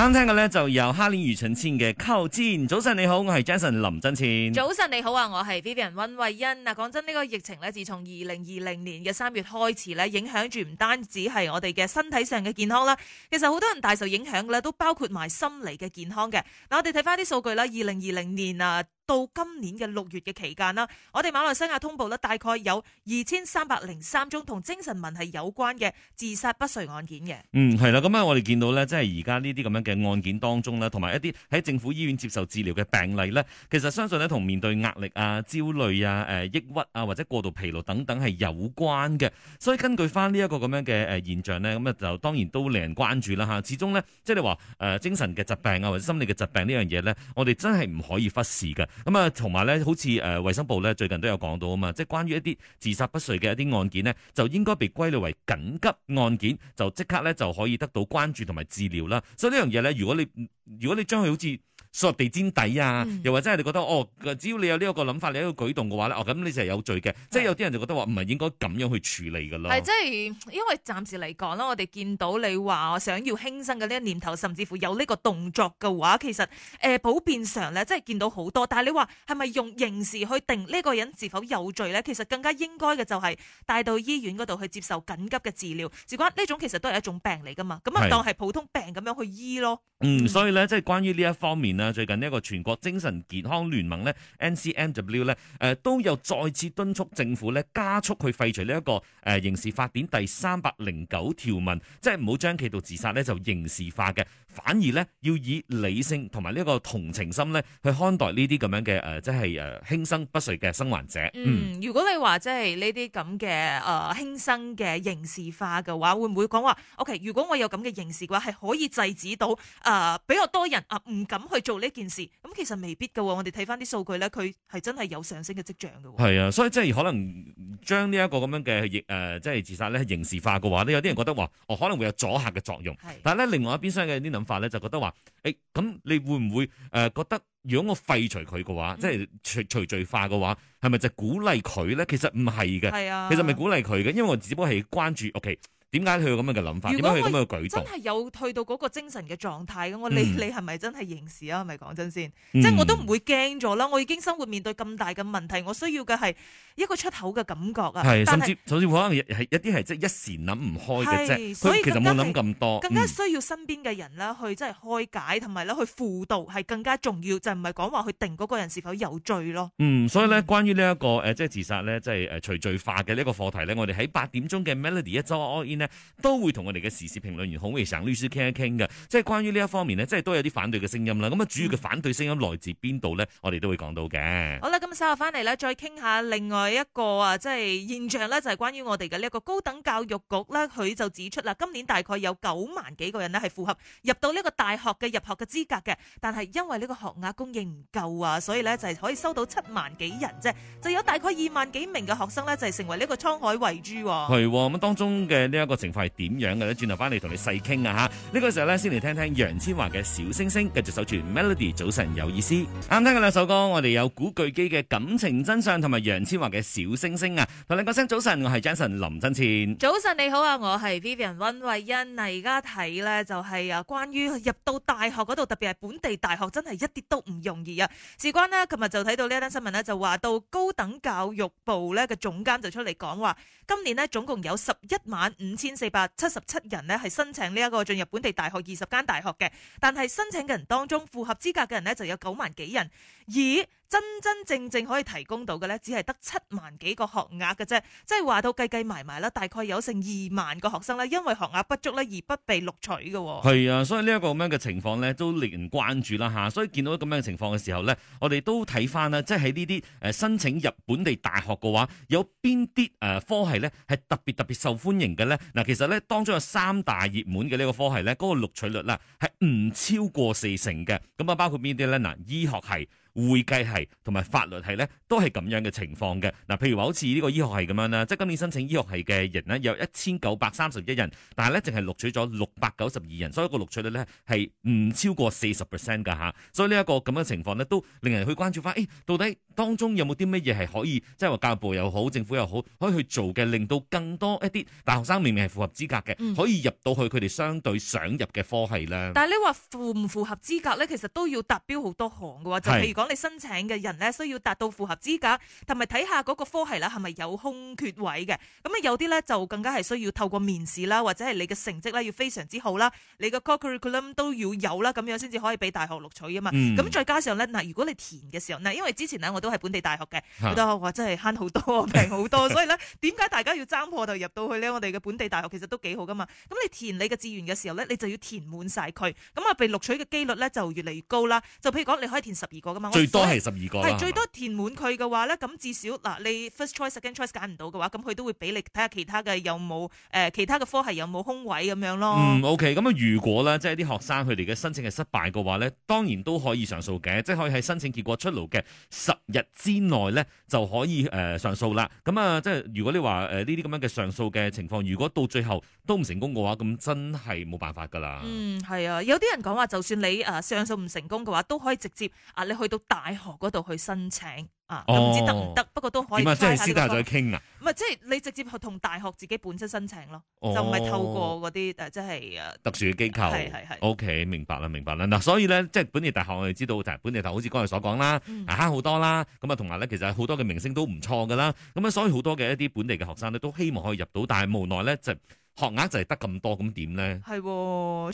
餐廳嘅咧就由哈林余存千嘅寇堅，早晨你好，我係 Jason 林真前。早晨你好啊，我係 Vivian 溫慧欣。嗱，講真呢個疫情咧，自從二零二零年嘅三月開始咧，影響住唔單止係我哋嘅身體上嘅健康啦，其實好多人大受影響咧，都包括埋心理嘅健康嘅。嗱，我哋睇翻啲數據啦，二零二零年啊。到今年嘅六月嘅期間啦，我哋馬來西亞通報呢，大概有二千三百零三宗同精神問題有關嘅自殺不遂案件嘅。嗯，係啦，咁啊，我哋見到呢，即係而家呢啲咁樣嘅案件當中呢，同埋一啲喺政府醫院接受治療嘅病例呢，其實相信呢，同面對壓力啊、焦慮啊、誒抑鬱啊或者過度疲勞等等係有關嘅。所以根據翻呢一個咁樣嘅誒現象呢，咁啊就當然都令人關注啦吓。始終呢，即係你話誒精神嘅疾病啊或者心理嘅疾病呢樣嘢呢，我哋真係唔可以忽視㗎。咁啊，同埋咧，好似誒衛生部咧，最近都有講到啊嘛，即係關於一啲自殺不遂嘅一啲案件咧，就應該被歸類為緊急案件，就即刻咧就可以得到關注同埋治療啦。所以呢樣嘢咧，如果你如果你將佢好似索地氈底啊，又或者係你覺得哦，只要你有呢一個諗法，你一個舉動嘅話咧，哦咁你就係有罪嘅，即係有啲人就覺得話唔係應該咁樣去處理噶咯。係即係因為暫時嚟講啦，我哋見到你話想要輕生嘅呢個念頭，甚至乎有呢個動作嘅話，其實誒、呃、普遍上咧，即係見到好多。但係你話係咪用刑事去定呢個人是否有罪咧？其實更加應該嘅就係帶到醫院嗰度去接受緊急嘅治療。事關呢種其實都係一種病嚟噶嘛，咁啊當係普通病咁樣去醫咯。嗯，所以咧即係關於呢一方面。最近呢一個全國精神健康聯盟呢 n c m w 咧，誒，都有再次敦促政府咧，加速去廢除呢一個誒刑事法典第三百零九條文，即係唔好將企圖自殺呢就刑事化嘅，反而呢，要以理性同埋呢個同情心呢去看待呢啲咁樣嘅誒，即係誒輕生不遂嘅生還者。嗯，嗯如果你話即係呢啲咁嘅誒輕生嘅刑事化嘅話，會唔會講話？O.K.，如果我有咁嘅刑事嘅話，係可以制止到誒、呃、比較多人啊唔、呃、敢去做做呢件事，咁其實未必嘅。我哋睇翻啲數據咧，佢係真係有上升嘅跡象嘅。係啊，所以即係可能將呢一個咁樣嘅誒、呃，即係自殺咧刑事化嘅話咧，有啲人覺得話，哦可能會有阻嚇嘅作用。係、啊，但係咧另外一邊嘅啲諗法咧，就覺得話，誒、欸、咁你會唔會誒、呃、覺得如果我廢除佢嘅話，嗯、即係除除罪化嘅話，係咪就鼓勵佢咧？其實唔係嘅，係啊，其實咪鼓勵佢嘅，因為我只不過係關注。O K。點解佢咁樣嘅諗法？點解佢咁樣嘅舉動？真係有去到嗰個精神嘅狀態嘅。我、嗯、你你係咪真係刑事啊？咪講真先，即、嗯、係、就是、我都唔會驚咗啦。我已經生活面對咁大嘅問題，我需要嘅係一個出口嘅感覺啊。甚至甚至可能一啲係即係一時諗唔開嘅啫。係，所以咁我諗咁多，更加需要身邊嘅人啦，去即係開解，同埋咧去輔導，係更加重要，就唔係講話去定嗰個人是否有罪咯。嗯，所以咧、這個，關於呢一個即係自殺咧，即係誒除罪化嘅呢個課題咧、嗯，我哋喺八點鐘嘅 Melody 一周都會同我哋嘅時事評論員孔亦祥律師傾一傾嘅，即係關於呢一方面呢，即係都有啲反對嘅聲音啦。咁啊，主要嘅反對聲音來自邊度呢？我哋都會講到嘅。好啦，咁稍後翻嚟呢，再傾下另外一個啊，即係現象呢，就係關於我哋嘅呢一個高等教育局呢。佢就指出啦，今年大概有九萬幾個人呢係符合入到呢個大學嘅入學嘅資格嘅，但係因為呢個學額供應唔夠啊，所以呢就係可以收到七萬幾人啫，就有大概二萬幾名嘅學生呢，就係成為呢一個滄海遺珠。係咁啊，當中嘅呢一個情況係點樣嘅咧？轉頭翻嚟同你細傾啊吓，呢個時候咧，先嚟聽聽楊千嬅嘅《小星星》，繼續守住 Melody，早晨有意思。啱聽嘅兩首歌，我哋有古巨基嘅《感情真相》同埋楊千嬅嘅《小星星》啊。同你講聲早晨，我係 Jason 林振千。早晨你好啊，我係 Vivian 溫慧欣。嗱，而家睇咧就係啊，關於入到大學嗰度，特別係本地大學，真係一啲都唔容易啊。事關咧，琴日就睇到呢一單新聞咧，就話到高等教育部咧嘅總監就出嚟講話，今年咧總共有十一萬五千四百七十七人呢，係申請呢一個進入本地大學二十間大學嘅，但係申請嘅人當中符合資格嘅人呢，就有九萬幾人，而真真正正可以提供到嘅呢只係得七萬幾個學額嘅啫，即係話到計計埋埋啦，大概有成二萬個學生咧，因為學額不足呢而不被錄取嘅。係啊，所以呢一個咁樣嘅情況呢都令人關注啦吓。所以見到咁樣嘅情況嘅時候呢，我哋都睇翻啦，即係喺呢啲誒申請日本地大學嘅話，有邊啲誒科系呢係特別特別受歡迎嘅呢？嗱，其實呢當中有三大熱門嘅呢個科系呢嗰個錄取率咧係唔超過四成嘅。咁啊，包括邊啲呢？嗱，醫學系。會計系同埋法律系咧，都係咁樣嘅情況嘅。嗱，譬如話好似呢個醫學系咁樣啦，即係今年申請醫學系嘅人呢有一千九百三十一人，但係咧淨係錄取咗六百九十二人，所以個錄取率咧係唔超過四十 percent 㗎吓，所以呢一個咁嘅情況呢都令人去關注翻，誒，到底當中有冇啲咩嘢係可以，即係話教育部又好，政府又好，可以去做嘅，令到更多一啲大學生明明係符合資格嘅、嗯，可以入到去佢哋相對想入嘅科系呢？但係你話符唔符合資格咧？其實都要達標好多項嘅話就係講你申請嘅人咧，需要達到符合資格，同埋睇下嗰個科系啦，係咪有空缺位嘅？咁啊，有啲咧就更加係需要透過面試啦，或者係你嘅成績咧，要非常之好啦，你嘅 curriculum 都要有啦，咁樣先至可以俾大學錄取啊嘛。咁、嗯、再加上咧，嗱，如果你填嘅時候，嗱，因為之前咧我都係本地大學嘅，覺得哇真係慳好多，平好多，所以咧，點解大家要爭破頭入到去咧？我哋嘅本地大學其實都幾好噶嘛。咁你填你嘅志願嘅時候咧，你就要填滿晒佢，咁啊，被錄取嘅幾率咧就越嚟越高啦。就譬如講，你可以填十二個噶嘛。最多係十二個，係最多填滿佢嘅話咧，咁至少嗱，你 first choice、second choice 揀唔到嘅話，咁佢都會俾你睇下其他嘅有冇誒、呃、其他嘅科系有冇空位咁樣咯。嗯，OK，咁啊，如果咧即係啲學生佢哋嘅申請係失敗嘅話咧，當然都可以上訴嘅，即係可以喺申請結果出爐嘅十日之內咧就可以誒上訴啦。咁啊，即係如果你話誒呢啲咁樣嘅上訴嘅情況，如果到最後都唔成功嘅話，咁真係冇辦法㗎啦。嗯，係啊，有啲人講話，就算你誒上訴唔成功嘅話，都可以直接啊，你去到。大學嗰度去申請。唔、啊、知得唔得，不過都可以猜猜下。咁啊，即係私底下再傾啊？唔係，即係你直接同大學自己本身申請咯、哦，就唔係透過嗰啲、啊、即係特殊嘅機構。O、okay, K，明白啦，明白啦。嗱，所以咧，即係本地大學，我哋知道就係本地大學，好似剛才所講啦，慳好多啦。咁啊，同埋咧，很其實好多嘅明星都唔錯噶啦。咁啊，所以好多嘅一啲本地嘅學生咧，都希望可以入到，但係無奈咧，就學額就係得咁多，咁點咧？係喎、哦，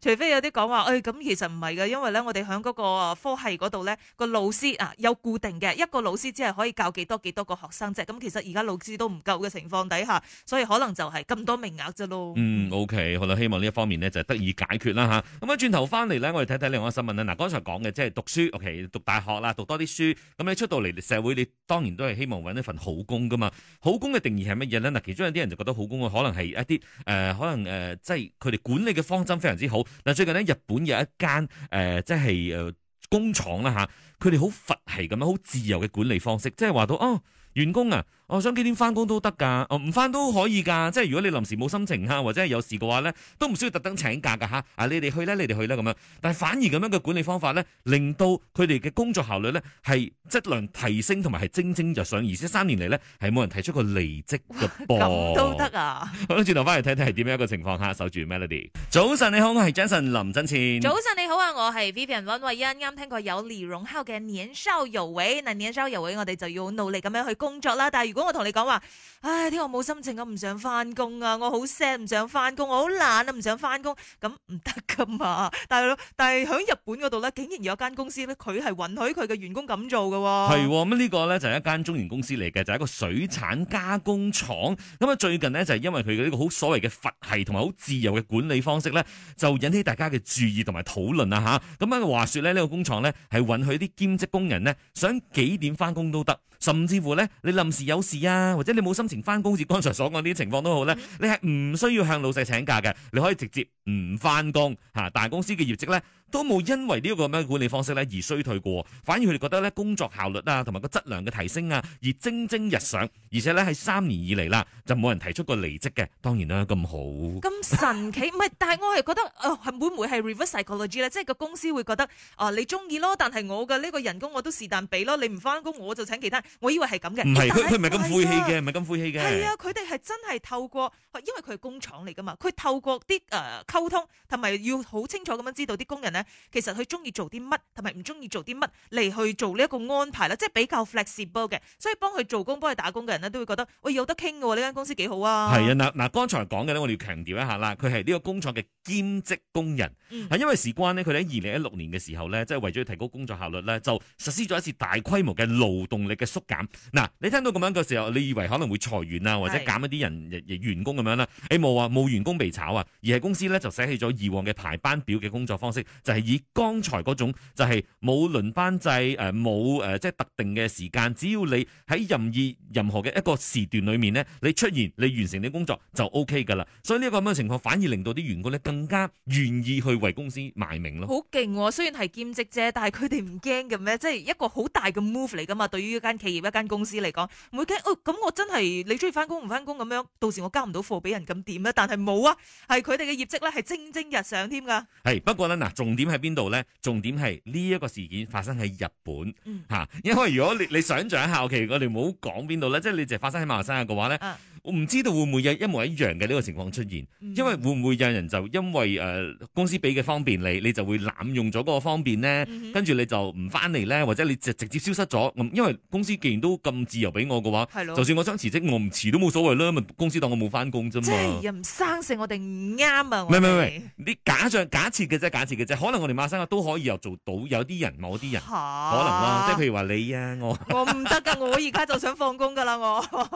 除非有啲講話，誒、哎，咁其實唔係嘅，因為咧，我哋喺嗰個科系嗰度咧，個老師啊有固定嘅一。個老師只係可以教幾多幾多個學生啫，咁其實而家老師都唔夠嘅情況底下，所以可能就係咁多名額啫咯。嗯，OK，好啦，希望呢一方面呢就得以解決啦吓。咁啊，轉頭翻嚟咧，我哋睇睇另外一個新聞咧。嗱，剛才講嘅即係讀書，OK，讀大學啦，讀多啲書。咁你出到嚟社會，你當然都係希望揾一份好工噶嘛。好工嘅定義係乜嘢咧？嗱，其中有啲人就覺得好工可能係一啲誒，可能誒、呃呃，即係佢哋管理嘅方針非常之好。嗱，最近呢，日本有一間誒、呃，即係誒。工廠啦吓，佢哋好佛系咁樣，好自由嘅管理方式，即係話到哦，員工啊。我、哦、想幾點翻工都得噶，哦唔翻都可以噶、哦，即係如果你臨時冇心情啊，或者係有事嘅話咧，都唔需要特登請假噶吓。啊，你哋去啦，你哋去啦咁樣。但係反而咁樣嘅管理方法咧，令到佢哋嘅工作效率咧係質量提升，同埋係蒸蒸日上，而且三年嚟咧係冇人提出過離職嘅噃。咁都得啊！好，轉頭翻嚟睇睇係點樣一個情況下守住 Melody。早晨你好，我係 Jason 林振前。早晨你好啊，我係 Vivian 溫慧茵一啱聽過有李榮浩嘅年少有為，嗱年少有為我哋就要努力咁樣去工作啦。但係如果我同你講話，唉，聽我冇心情啊，唔想翻工啊，我好 sad，唔想翻工，我好懶啊，唔想翻工，咁唔得噶嘛，大佬，但係喺日本嗰度呢，竟然有一間公司呢，佢係允許佢嘅員工咁做噶、啊，係咁啊，呢個呢就係一間中型公司嚟嘅，就係一個水產加工廠。咁啊最近呢，就係因為佢嘅呢個好所謂嘅佛係同埋好自由嘅管理方式呢，就引起大家嘅注意同埋討論啊吓。咁、嗯、啊話說咧呢個工廠呢，係允許啲兼職工人呢，想幾點翻工都得。甚至乎呢，你臨時有事啊，或者你冇心情翻工，好似剛才所講呢啲情況都好呢，你係唔需要向老細請假嘅，你可以直接唔翻工吓，但公司嘅業績呢，都冇因為呢個個管理方式咧而衰退過，反而佢哋覺得咧工作效率啊同埋個質量嘅提升啊而蒸蒸日上，而且咧喺三年以嚟啦就冇人提出過離職嘅。當然啦，咁好。咁神奇唔係？ 但係我係覺得啊、呃，會唔會係 reverse psychology 呢？即係個公司會覺得啊、呃，你中意咯，但係我嘅呢個人工我都是但俾咯，你唔翻工我就請其他人。我以為係咁嘅。唔係，佢唔係咁晦氣嘅，唔係咁晦氣嘅。係啊，佢哋係真係透過，因為佢係工廠嚟㗎嘛，佢透過啲、呃、溝通同埋要好清楚咁樣知道啲工人咧。其實佢中意做啲乜，同埋唔中意做啲乜嚟，去做呢一個安排啦，即係比較 flexible 嘅，所以幫佢做工，幫佢打工嘅人咧，都會覺得喂，有得傾嘅，呢間公司幾好啊。係啊，嗱嗱，剛才講嘅呢，我哋要強調一下啦，佢係呢個工廠嘅兼職工人，嗯、因為事關呢，佢喺二零一六年嘅時候呢，即係為咗提高工作效率呢，就實施咗一次大規模嘅勞動力嘅縮減。嗱，你聽到咁樣嘅時候，你以為可能會裁員啊，或者減一啲人、員工咁樣啦。誒，冇啊，冇員工被炒啊，而係公司呢，就捨棄咗以往嘅排班表嘅工作方式。係、就是、以剛才嗰種就係冇輪班制誒，冇、呃、誒、呃，即係特定嘅時間，只要你喺任意任何嘅一個時段裏面咧，你出現你完成啲工作就 O K 噶啦。所以呢一個咁嘅情況，反而令到啲員工咧更加願意去為公司賣命咯。好勁、哦，雖然係兼職啫，但係佢哋唔驚嘅咩？即、就、係、是、一個好大嘅 move 嚟噶嘛。對於一間企業、一間公司嚟講，唔會驚哦。咁我真係你中意翻工唔翻工咁樣，到時我交唔到貨俾人咁點咧？但係冇啊，係佢哋嘅業績咧係蒸蒸日上添噶。係不過咧嗱，仲。重點喺邊度咧？重點係呢一個事件發生喺日本吓、嗯，因為如果你你想象一下，其實我哋唔好講邊度咧，即係你淨係發生喺馬來西亞嘅話咧。啊我唔知道會唔會有一模一樣嘅呢、這個情況出現，因為會唔會有人就因為誒、呃、公司俾嘅方便你，你就會濫用咗嗰個方便咧，跟、嗯、住你就唔翻嚟咧，或者你就直接消失咗。咁因為公司既然都咁自由俾我嘅話，就算我想辭職，我唔辭都冇所謂啦。咁公司當我冇翻工啫嘛。又唔生性，我哋唔啱啊！唔係唔係唔係你假設假設嘅啫，假設嘅啫。可能我哋馬生嘅都可以又做到。有啲人某啲人可能啦，即係譬如話你啊，我我唔得噶， 我而家就想放工噶啦，我。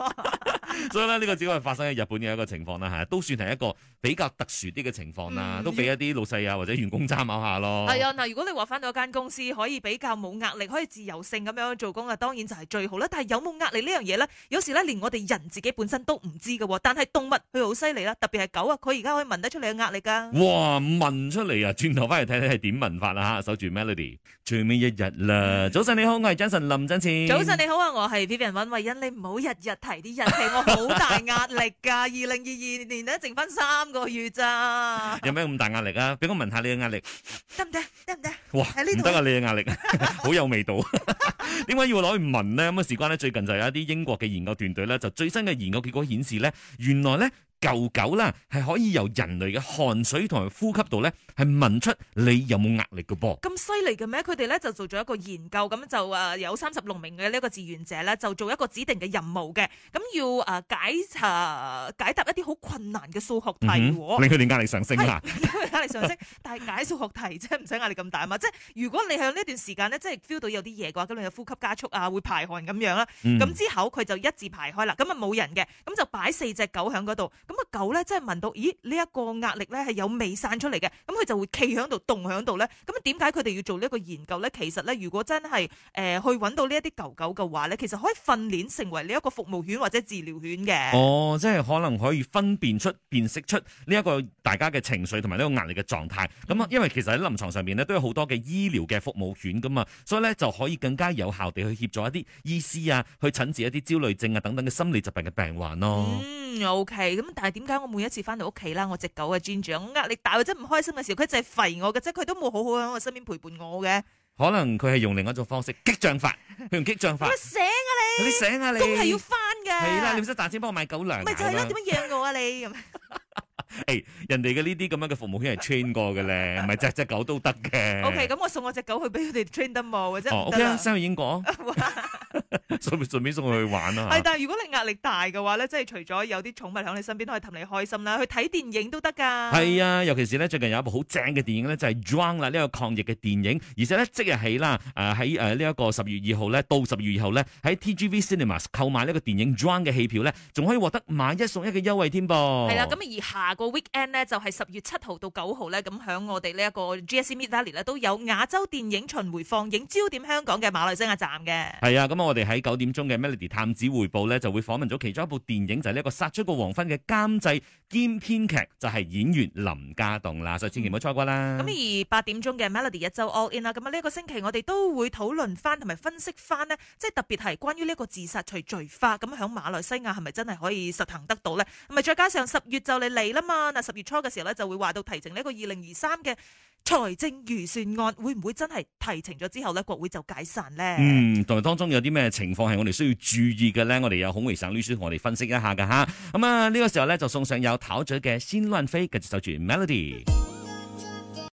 所以呢，呢個只會發生喺日本嘅一個情況啦，都算係一個比較特殊啲嘅情況啦、嗯，都俾一啲老細啊或者員工參考下咯。係啊，嗱，如果你話翻到一間公司可以比較冇壓力，可以自由性咁樣做工啊，當然就係最好啦。但係有冇壓力呢樣嘢咧？有時咧，連我哋人自己本身都唔知喎。但係動物佢好犀利啦，特別係狗啊，佢而家可以聞得出你嘅壓力㗎。哇！聞出嚟啊，轉頭翻嚟睇睇係點聞法啦嚇，守住 Melody，最尾一日啦。早晨你好，我係張順林振前。早晨你好啊，我係 Vivian 揾慧欣，你唔好日日提啲人。 好 大壓力噶，二零二二年咧剩翻三個月咋？有咩咁大壓力啊？俾我聞下你嘅壓力得唔得？得唔得？哇！唔得啊，你嘅壓力 好有味道。點 解 要攞去聞咧？咁啊，事關咧，最近就有一啲英國嘅研究團隊咧，就最新嘅研究結果顯示咧，原來咧。舊狗啦，係可以由人類嘅汗水同埋呼吸道咧，係聞出你有冇壓力嘅噃。咁犀利嘅咩？佢哋咧就做咗一個研究，咁就誒有三十六名嘅呢個志願者咧，就做一個指定嘅任務嘅，咁要誒、啊、解查、啊、解答一啲好困難嘅數學題，嗯、令佢哋壓力上升吓，壓力上升。 但係解數學題即係唔使壓力咁大啊嘛。即係如果你喺呢段時間咧，即係 feel 到有啲嘢嘅話，咁你嘅呼吸加速啊，會排汗咁樣啦。咁、嗯、之後佢就一字排開啦，咁啊冇人嘅，咁就擺四隻狗喺嗰度。咁、那、啊、個、狗咧，即係聞到，咦呢一、這個壓力咧係有味散出嚟嘅，咁佢就會企喺度，動喺度咧。咁點解佢哋要做呢一個研究咧？其實咧，如果真係誒、呃、去揾到呢一啲狗狗嘅話咧，其實可以訓練成為呢一個服務犬或者治療犬嘅。哦，即係可能可以分辨出、辨識出呢一個大家嘅情緒同埋呢個壓力嘅狀態。咁、嗯、啊，因為其實喺臨床上面咧都有好多嘅醫療嘅服務犬噶嘛，所以咧就可以更加有效地去協助一啲醫師啊去診治一啲焦慮症啊等等嘅心理疾病嘅病患咯。嗯，OK，咁、嗯。但係點解我每一次翻到屋企啦，我隻狗嘅 training 我壓力大或者唔開心嘅時候，佢就係吠我嘅，啫，佢都冇好好喺我身邊陪伴我嘅。可能佢係用另一種方式激將法，佢用激將法 你醒啊你，你醒啊你，仲係要翻噶。係啦，你唔使賺錢，幫我買狗糧。咪就係咯，點樣養我啊你咁？誒， 人哋嘅呢啲咁樣嘅服務圈係 train 過嘅咧，唔係只隻狗都得嘅。O K，咁我送我隻狗去俾佢哋 train 得冇，或者得啦。O K，講。Okay, 順便順便送佢去玩啦， 係。但係如果你壓力大嘅話咧，即係除咗有啲寵物喺你身邊可以氹你開心啦，去睇電影都得噶。係啊，尤其是咧最近有一部好正嘅電影咧就係 Drunk 啦，呢、這個抗疫嘅電影，而且咧即日起啦，誒喺誒呢一個十月二號咧到十月二號咧喺 TGV Cinemas 購買呢個電影 Drunk 嘅戲票咧，仲可以獲得買一送一嘅優惠添噃。係啦、啊，咁而下個 weekend 咧就係十月七號到九號咧，咁響我哋呢一個 GSC Mid Valley 都有亞洲電影巡迴放映焦點香港嘅馬來西亞站嘅。係啊，咁我哋。喺九點鐘嘅 Melody 探子匯報咧，就會訪問咗其中一部電影，就係呢一個殺出個黃昏嘅監製兼編劇，就係演員林家棟啦。所以千祈唔好錯過啦。嗯。咁而八點鐘嘅 Melody 一周 All In 啦。咁啊，呢個星期我哋都會討論翻同埋分析翻呢，即係特別係關於呢一個「自殺除罪法」。咁響馬來西亞係咪真係可以實行得到咧？同埋再加上十月就嚟嚟啦嘛，嗱十月初嘅時候咧就會話到提呈呢一個二零二三嘅。財政預算案會唔會真係提呈咗之後咧，國會就解散咧？嗯，同埋當中有啲咩情況係我哋需要注意嘅咧？我哋有孔維省律師同我哋分析一下噶吓。咁、嗯、啊，呢、嗯這個時候咧就送上有討嘴嘅仙亂飛，繼續守住 Melody。